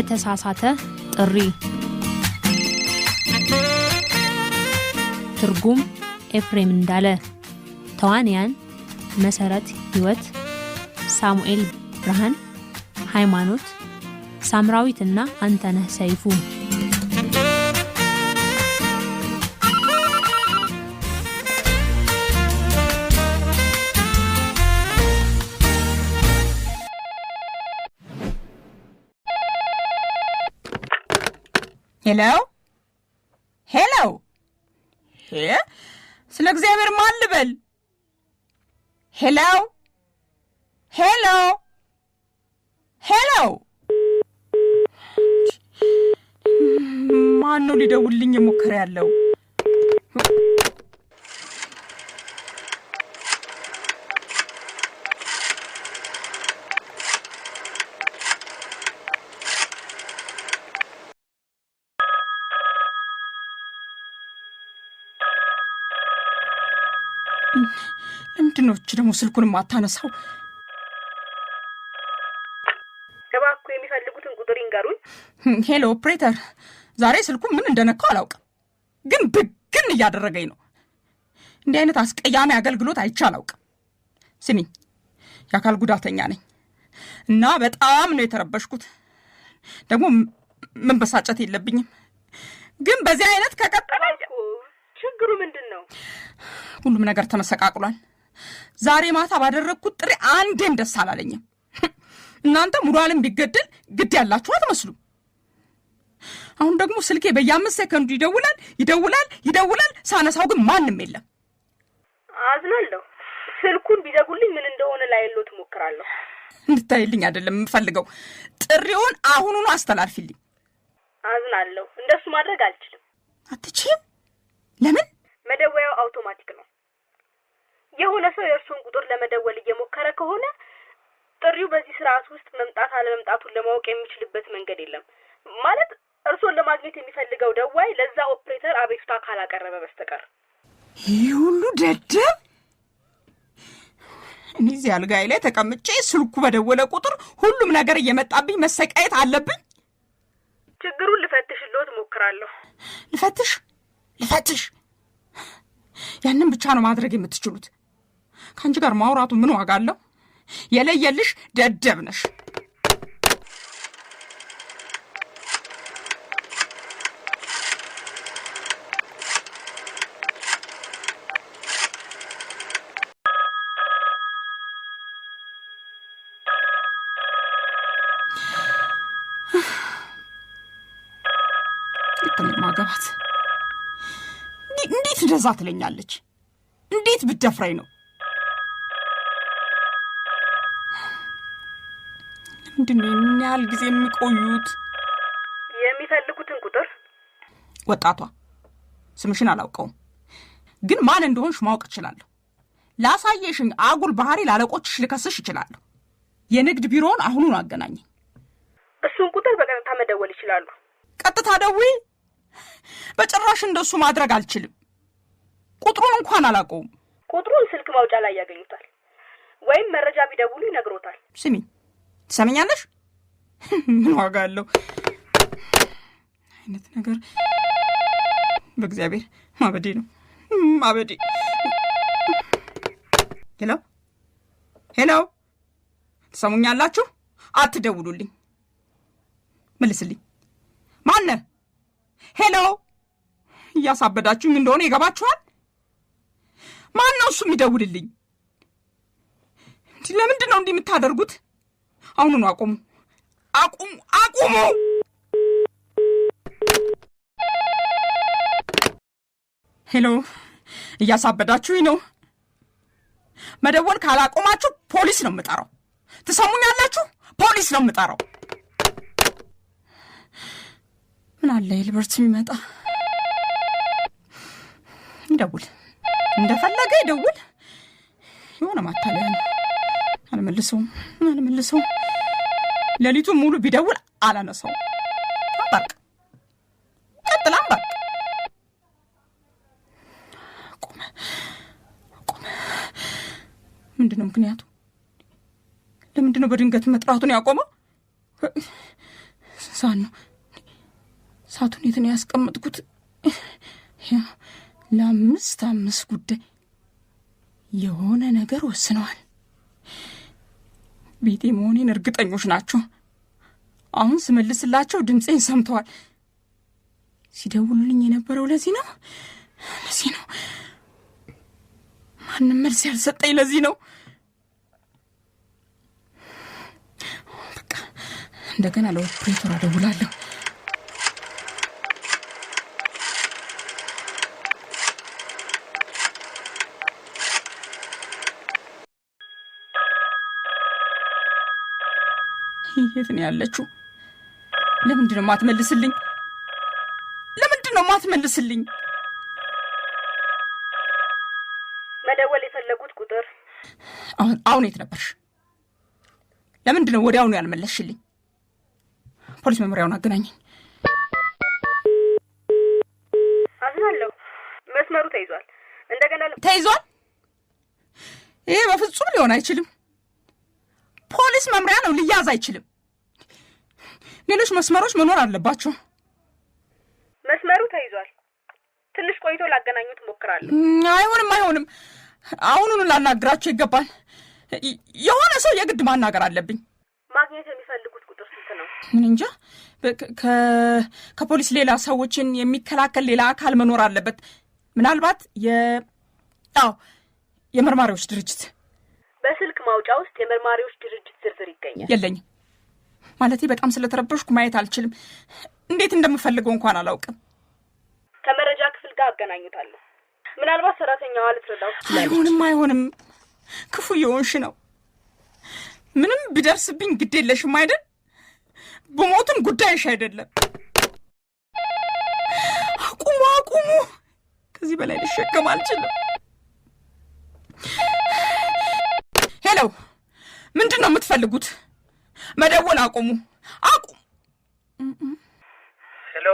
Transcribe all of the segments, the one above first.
የተሳሳተ ጥሪ ትርጉም ኤፍሬም እንዳለ ተዋንያን መሰረት ህይወት ሳሙኤል ብርሃን ሃይማኖት ሳምራዊትና አንተነህ ሰይፉ ሄለው ሄለው ስለ እግዚአብሔር ማን ልበል? ሄለው ሄለው ሄለው ማን ነው ሊደውልኝ የሞከረ ያለው? ለምንድን ነው እች ደግሞ ስልኩን ማታነሳው? ግባ የሚፈልጉትን ቁጥር ይንገሩኝ። ሄሎ ኦፕሬተር፣ ዛሬ ስልኩ ምን እንደነካው አላውቅም፣ ግን ብግን እያደረገኝ ነው። እንዲህ አይነት አስቀያሚ አገልግሎት አይቼ አላውቅም። ስሚ፣ የአካል ጉዳተኛ ነኝ እና በጣም ነው የተረበሽኩት። ደግሞ መንበሳጨት የለብኝም፣ ግን በዚህ አይነት ከቀጠለ ችግሩ ምንድን ነው? ሁሉም ነገር ተመሰቃቅሏል። ዛሬ ማታ ባደረግኩት ጥሪ አንዴም ደስ አላለኝም። እናንተ ሙሉ ዓለም ቢገደል ግድ ያላችሁ አትመስሉም። አሁን ደግሞ ስልኬ በየአምስት ሰከንዱ ይደውላል ይደውላል ይደውላል፣ ሳነሳው ግን ማንም የለም። አዝናለሁ። ስልኩን ቢዘጉልኝ ምን እንደሆነ ላይሎት ትሞክራለሁ እንድታይልኝ አይደለም የምፈልገው፣ ጥሪውን አሁኑኑ አስተላልፊልኝ። አዝናለሁ። እንደሱ ማድረግ አልችልም። አትችም ለምን? መደወያው አውቶማቲክ ነው። የሆነ ሰው የእርሱን ቁጥር ለመደወል እየሞከረ ከሆነ ጥሪው በዚህ ስርዓት ውስጥ መምጣት አለመምጣቱን ለማወቅ የሚችልበት መንገድ የለም። ማለት እርሶን ለማግኘት የሚፈልገው ደዋይ ለዛ ኦፕሬተር አቤቱታ ካላቀረበ በስተቀር። ይህ ሁሉ ደደብ! እኔ እዚህ ላይ ተቀምጬ ስልኩ በደወለ ቁጥር ሁሉም ነገር እየመጣብኝ መሰቃየት አለብኝ። ችግሩን ልፈትሽ ልዎት እሞክራለሁ። ልፈትሽ ልፈትሽ። ያንን ብቻ ነው ማድረግ የምትችሉት። ከአንቺ ጋር ማውራቱ ምን ዋጋ አለው? የለየልሽ ደደብ ነሽ። ማገባት እንደዛ ትለኛለች? እንዴት ብደፍራኝ ነው? ለምንድን ነው ምን ያህል ጊዜ የሚቆዩት? የሚፈልጉትን ቁጥር ወጣቷ፣ ስምሽን አላውቀውም፣ ግን ማን እንደሆንሽ ማወቅ እችላለሁ። ላሳየሽኝ አጉል ባህሪ ላለቆችሽ ልከስሽ እችላለሁ። የንግድ ቢሮውን አሁኑን አገናኝ። እሱን ቁጥር በቀጥታ መደወል ይችላሉ። ቀጥታ ደውይ። በጭራሽ እንደሱ ማድረግ አልችልም። ቁጥሩን እንኳን አላውቀውም። ቁጥሩን ስልክ ማውጫ ላይ ያገኙታል፣ ወይም መረጃ ቢደውሉ ይነግሮታል። ስሚ፣ ትሰምኛለሽ? ምን ዋጋ አለው አይነት ነገር። በእግዚአብሔር ማበዴ ነው ማበዴ። ሄሎ ሄሎ፣ ትሰሙኛላችሁ? አትደውሉልኝ። መልስልኝ። ማነ ሄሎ እያሳበዳችሁኝ እንደሆነ ይገባችኋል። ማነው እሱ የሚደውልልኝ? እንዲህ ለምንድን ነው እንዲህ የምታደርጉት? አሁኑኑ አቁሙ! አቁሙ! አቁሙ! ሄሎ፣ እያሳበዳችሁኝ ነው። መደወል ካላቆማችሁ ፖሊስ ነው የምጠራው። ትሰሙኛላችሁ? ፖሊስ ነው የምጠራው። ምን አለ ይልበርት የሚመጣ ይደውል እንደፈለገ ይደውል። የሆነ ማታለያ ነው። አልመልሰውም አልመልሰውም። ሌሊቱን ሙሉ ቢደውል አላነሰው። አንባርቅ፣ ቀጥል አንባርቅ። ቁመ ቁመ። ምንድነው ምክንያቱ? ለምንድነው በድንገት መጥራቱን ያቆመው? ሳን ነው ሳቱን የትን ነው ያስቀመጥኩት? ለአምስት አምስት ጉዳይ የሆነ ነገር ወስነዋል። ቤቴ መሆኔን እርግጠኞች ናቸው። አሁን ስመልስላቸው ድምፄን ሰምተዋል። ሲደውሉልኝ የነበረው ለዚህ ነው ለዚህ ነው። ማንም መልስ ያልሰጠኝ ለዚህ ነው። በቃ እንደገና ለኦፕሬተር አደውላለሁ። የት ነው ያለችው? ለምንድን ነው ማትመልስልኝ? ለምንድን ነው ማትመልስልኝ? መደወል የፈለጉት ቁጥር አሁን አሁን የት ነበርሽ? ለምንድን ነው ወዲያውኑ ያልመለስሽልኝ? ፖሊስ መምሪያውን አገናኘኝ። አዝናለሁ፣ መስመሩ ተይዟል። እንደገና ተይዟል። ይሄ በፍጹም ሊሆን አይችልም። ፖሊስ መምሪያ ነው፣ ሊያዝ አይችልም። ሌሎች መስመሮች መኖር አለባቸው። መስመሩ ተይዟል። ትንሽ ቆይቶ ላገናኙት እሞክራለሁ። አይሆንም፣ አይሆንም። አሁኑኑ ላናግራቸው ይገባል። የሆነ ሰው የግድ ማናገር አለብኝ። ማግኘት የሚፈልጉት ቁጥር ስንት ነው? ምን እንጃ። ከፖሊስ ሌላ ሰዎችን የሚከላከል ሌላ አካል መኖር አለበት። ምናልባት የ አዎ የመርማሪዎች ድርጅት ማውጫ ውስጥ የመርማሪዎች ድርጅት ዝርዝር ይገኛል። የለኝም ማለቴ በጣም ስለተረበሽኩ ማየት አልችልም። እንዴት እንደምፈልገው እንኳን አላውቅም። ከመረጃ ክፍል ጋር አገናኙታለሁ። ምናልባት ሰራተኛዋ ልትረዳው። አይሆንም፣ አይሆንም። ክፉ የሆንሽ ነው። ምንም ቢደርስብኝ ግድ የለሽም አይደል? ብሞትም ጉዳይሽ አይደለም። አቁሙ፣ አቁሙ። ከዚህ በላይ ልሸከም አልችልም። ምንድን ነው የምትፈልጉት? መደወል አቁሙ፣ አቁሙ። ሄሎ፣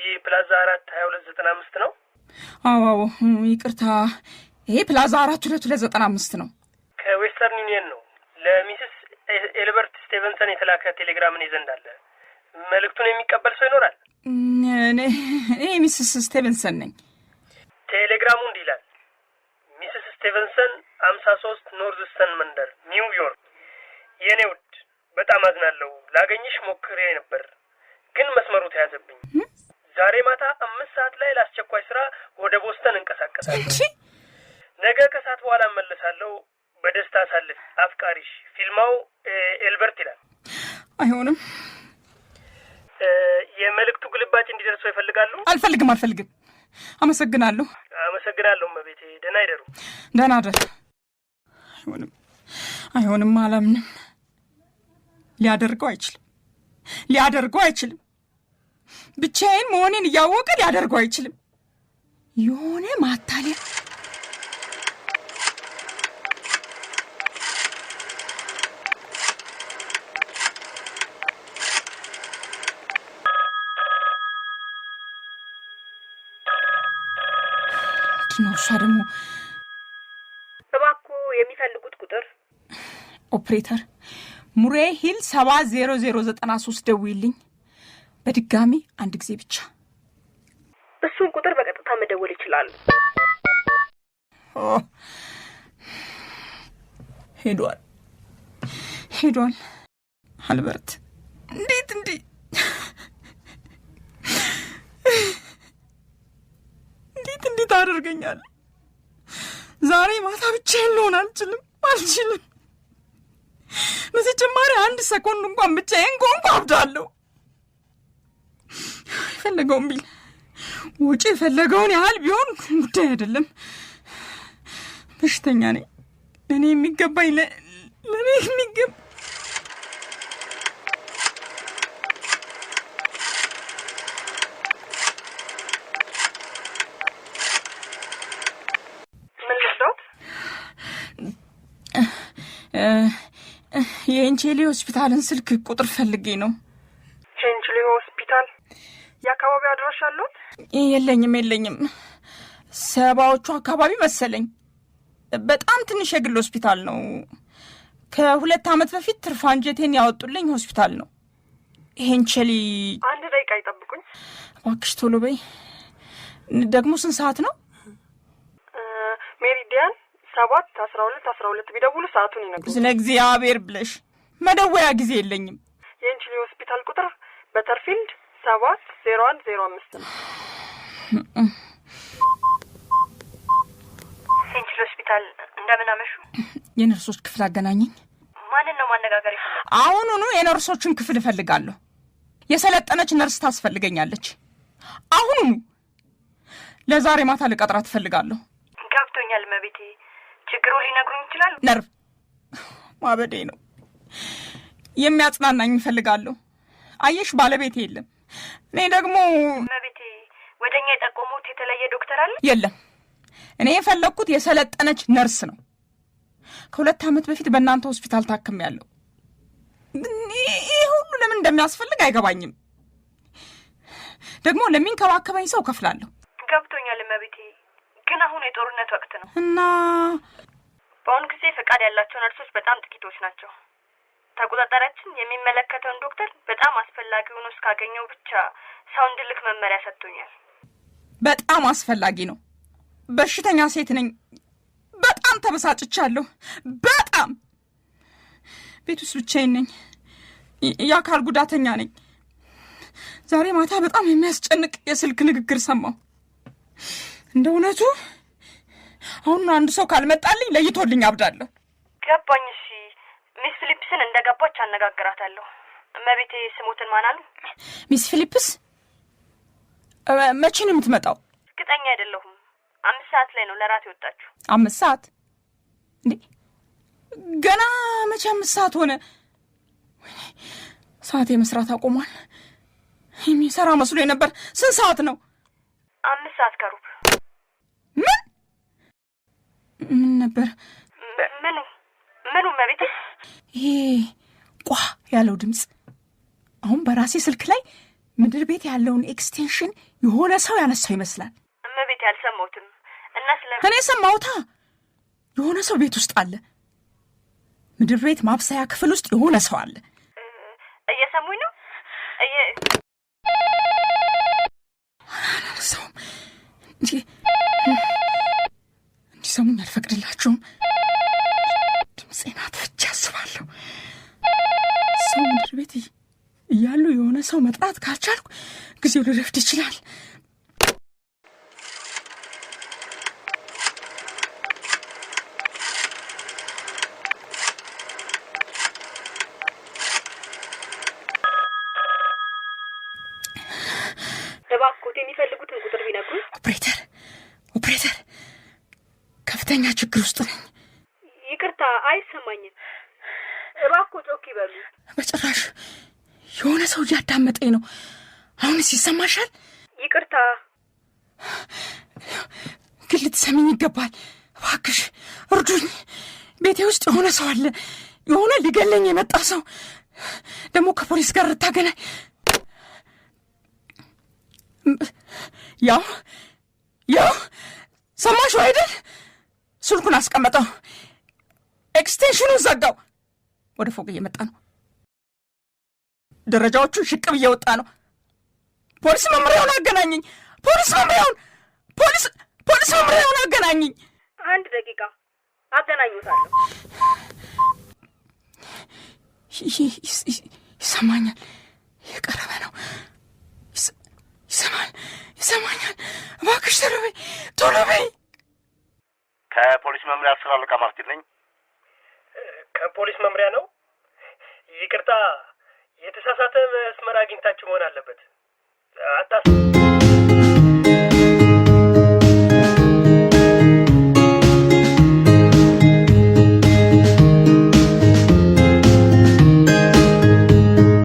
ይህ ፕላዛ አራት ሀያ ሁለት ዘጠና አምስት ነው? አዎ፣ ይቅርታ፣ ይሄ ፕላዛ አራት ሁለት ሁለት ዘጠና አምስት ነው። ከዌስተርን ዩኒየን ነው። ለሚስስ ኤልበርት ስቴቨንሰን የተላከ ቴሌግራምን ይዘንዳለ። መልእክቱን የሚቀበል ሰው ይኖራል? እኔ ሚስስ ስቴቨንሰን ነኝ። ቴሌግራሙ እንዲህ ይላል። ሚስስ ስቴቨንሰን አምሳ ሶስት ኖርዝ ስተን መንደር ኒውዮርክ። የእኔ ውድ በጣም አዝናለሁ። ላገኝሽ ሞክሬ ነበር ግን መስመሩ ተያዘብኝ። ዛሬ ማታ አምስት ሰዓት ላይ ለአስቸኳይ ስራ ወደ ቦስተን እንቀሳቀሳለሁ። ነገ ከሰዓት በኋላ እመለሳለሁ። በደስታ አሳልፍ። አፍቃሪሽ። ፊልማው ኤልበርት ይላል። አይሆንም። የመልእክቱ ግልባጭ እንዲደርሰው ይፈልጋሉ? አልፈልግም፣ አልፈልግም። አመሰግናለሁ፣ አመሰግናለሁ። መቤቴ ደህና ይደሩ። ደህና ደር አይሆንም፣ አይሆንም። አላምንም። ሊያደርገው አይችልም፣ ሊያደርገው አይችልም። ብቻዬን መሆኔን እያወቀ ሊያደርገው አይችልም። የሆነ ማታለያ ነው እሷ ደግሞ ኦፕሬተር ሙሬ ሂል 70093 ደውይልኝ። በድጋሚ አንድ ጊዜ ብቻ። እሱን ቁጥር በቀጥታ መደወል ይችላል ሄዷል ሄዷል። አልበርት እንዴት እንዴ! እንዴት እንዴት አደርገኛል? ዛሬ ማታ ብቻ ልሆን አልችልም አልችልም በተጨማሪ አንድ ሰኮንድ እንኳን ብቻዬን ከሆንኩ አብዳለሁ። የፈለገውን ቢል ውጪ የፈለገውን ያህል ቢሆን ጉዳይ አይደለም። በሽተኛ ነኝ። ለእኔ የሚገባኝ ለእኔ የሚገባ ምን የኤንቼሌ ሆስፒታልን ስልክ ቁጥር ፈልጌ ነው። ቼንችሌ ሆስፒታል የአካባቢ አድራሽ አለት? የለኝም የለኝም። ሰባዎቹ አካባቢ መሰለኝ። በጣም ትንሽ የግል ሆስፒታል ነው። ከሁለት ዓመት በፊት ትርፋንጀቴን ያወጡልኝ ሆስፒታል ነው። ሄንቸሊ አንድ ደቂቃ ይጠብቁኝ እባክሽ፣ ቶሎ በይ። ደግሞ ስንት ሰዓት ነው? ሜሪዲያን ሰባት አስራ ሁለት አስራ ሁለት ቢደውሉ ሰዓቱን ይነግሩ። ስለ እግዚአብሔር ብለሽ መደወያ ጊዜ የለኝም። የእንችል ሆስፒታል ቁጥር በተርፊልድ ሰባት ዜሮ አንድ ዜሮ አምስት ነው። የእንችል ሆስፒታል እንደምን አመሹ? የነርሶች ክፍል አገናኘኝ። ማንን ነው ማነጋገር? አሁኑኑ የነርሶችን ክፍል እፈልጋለሁ። የሰለጠነች ነርስ ታስፈልገኛለች። አሁኑኑ ለዛሬ ማታ ልቀጥራ ትፈልጋለሁ። ይችላል። ነርቭ ማበዴ ነው። የሚያጽናናኝ እፈልጋለሁ። አየሽ ባለቤቴ የለም። እኔ ደግሞ መቤቴ ወደ እኛ የጠቆሙት የተለየ ዶክተር አለ? የለም። እኔ የፈለግኩት የሰለጠነች ነርስ ነው። ከሁለት ዓመት በፊት በእናንተ ሆስፒታል ታክም ያለው ይህ ሁሉ ለምን እንደሚያስፈልግ አይገባኝም። ደግሞ ለሚንከባከበኝ ሰው ከፍላለሁ። ገብቶኛል መቤቴ፣ ግን አሁን የጦርነት ወቅት ነው እና በአሁኑ ጊዜ ፈቃድ ያላቸው ነርሶች በጣም ጥቂቶች ናቸው። ተቆጣጣሪያችን የሚመለከተውን ዶክተር በጣም አስፈላጊ ሆኖ እስካገኘው ብቻ ሰው እንድልክ መመሪያ ሰጥቶኛል። በጣም አስፈላጊ ነው። በሽተኛ ሴት ነኝ። በጣም ተበሳጭቻለሁ። በጣም ቤት ውስጥ ብቻዬን ነኝ። የአካል ጉዳተኛ ነኝ። ዛሬ ማታ በጣም የሚያስጨንቅ የስልክ ንግግር ሰማሁ። እንደ እውነቱ አሁን አንድ ሰው ካልመጣልኝ ለይቶልኝ አብዳለሁ። ገባኝ። እሺ፣ ሚስ ፊሊፕስን እንደ ገባች አነጋግራታለሁ። እመቤቴ ስሞትን ማን አሉ? ሚስ ፊሊፕስ መቼ ነው የምትመጣው? እርግጠኛ አይደለሁም። አምስት ሰዓት ላይ ነው ለራት የወጣችሁ። አምስት ሰዓት እንዴ? ገና መቼ አምስት ሰዓት ሆነ? ሰዓት የመስራት አቆሟል። የሚሰራ መስሎ ነበር። ስንት ሰዓት ነው? አምስት ሰዓት ከሩብ ምን ምን ነበር? ምኑ ምኑ? መቤት ይሄ ቋ ያለው ድምፅ አሁን በራሴ ስልክ ላይ ምድር ቤት ያለውን ኤክስቴንሽን የሆነ ሰው ያነሳው ይመስላል። እመቤቴ አልሰማሁትም። እና ስለ እኔ ሰማሁታ። የሆነ ሰው ቤት ውስጥ አለ። ምድር ቤት ማብሰያ ክፍል ውስጥ የሆነ ሰው አለ። እየሰሙኝ ነው። እየ አላነሳውም እንዴ? እንዲሰሙኝ አልፈቅድላቸውም። ድምፄን አጥፍቼ አስባለሁ። ሰው ምድር ቤት እያሉ የሆነ ሰው መጥራት ካልቻልኩ ጊዜው ሊረፍድ ይችላል። ከፍተኛ ችግር ውስጥ ነኝ። ይቅርታ አይሰማኝም። እባኮ ጮክ ይበሉ። በጭራሽ የሆነ ሰው እያዳመጠኝ ነው። አሁንስ ይሰማሻል? ይቅርታ ግን ልትሰሚኝ ይገባል። እባክሽ እርዱኝ። ቤቴ ውስጥ የሆነ ሰው አለ። የሆነ ሊገለኝ የመጣ ሰው ደግሞ ከፖሊስ ጋር ልታገናኝ ያው ያው ሰማሽው አይደል? ስልኩን አስቀመጠው፣ ኤክስቴንሽኑን ዘጋው። ወደ ፎቅ እየመጣ ነው። ደረጃዎቹን ሽቅብ እየወጣ ነው። ፖሊስ መምሪያውን አገናኝኝ! ፖሊስ መምሪያውን ፖሊስ ፖሊስ መምሪያውን አገናኝኝ! አንድ ደቂቃ አገናኙታለሁ። ይሰማኛል፣ የቀረበ ነው። ይሰማል ይሰማኛል፣ እባክሽ ቶሎ በይ፣ ቶሎ በይ ከፖሊስ መምሪያ አስር አለቃ ማርቲን ነኝ። ከፖሊስ መምሪያ ነው? ይቅርታ፣ የተሳሳተ መስመር አግኝታችሁ መሆን አለበት። አታስ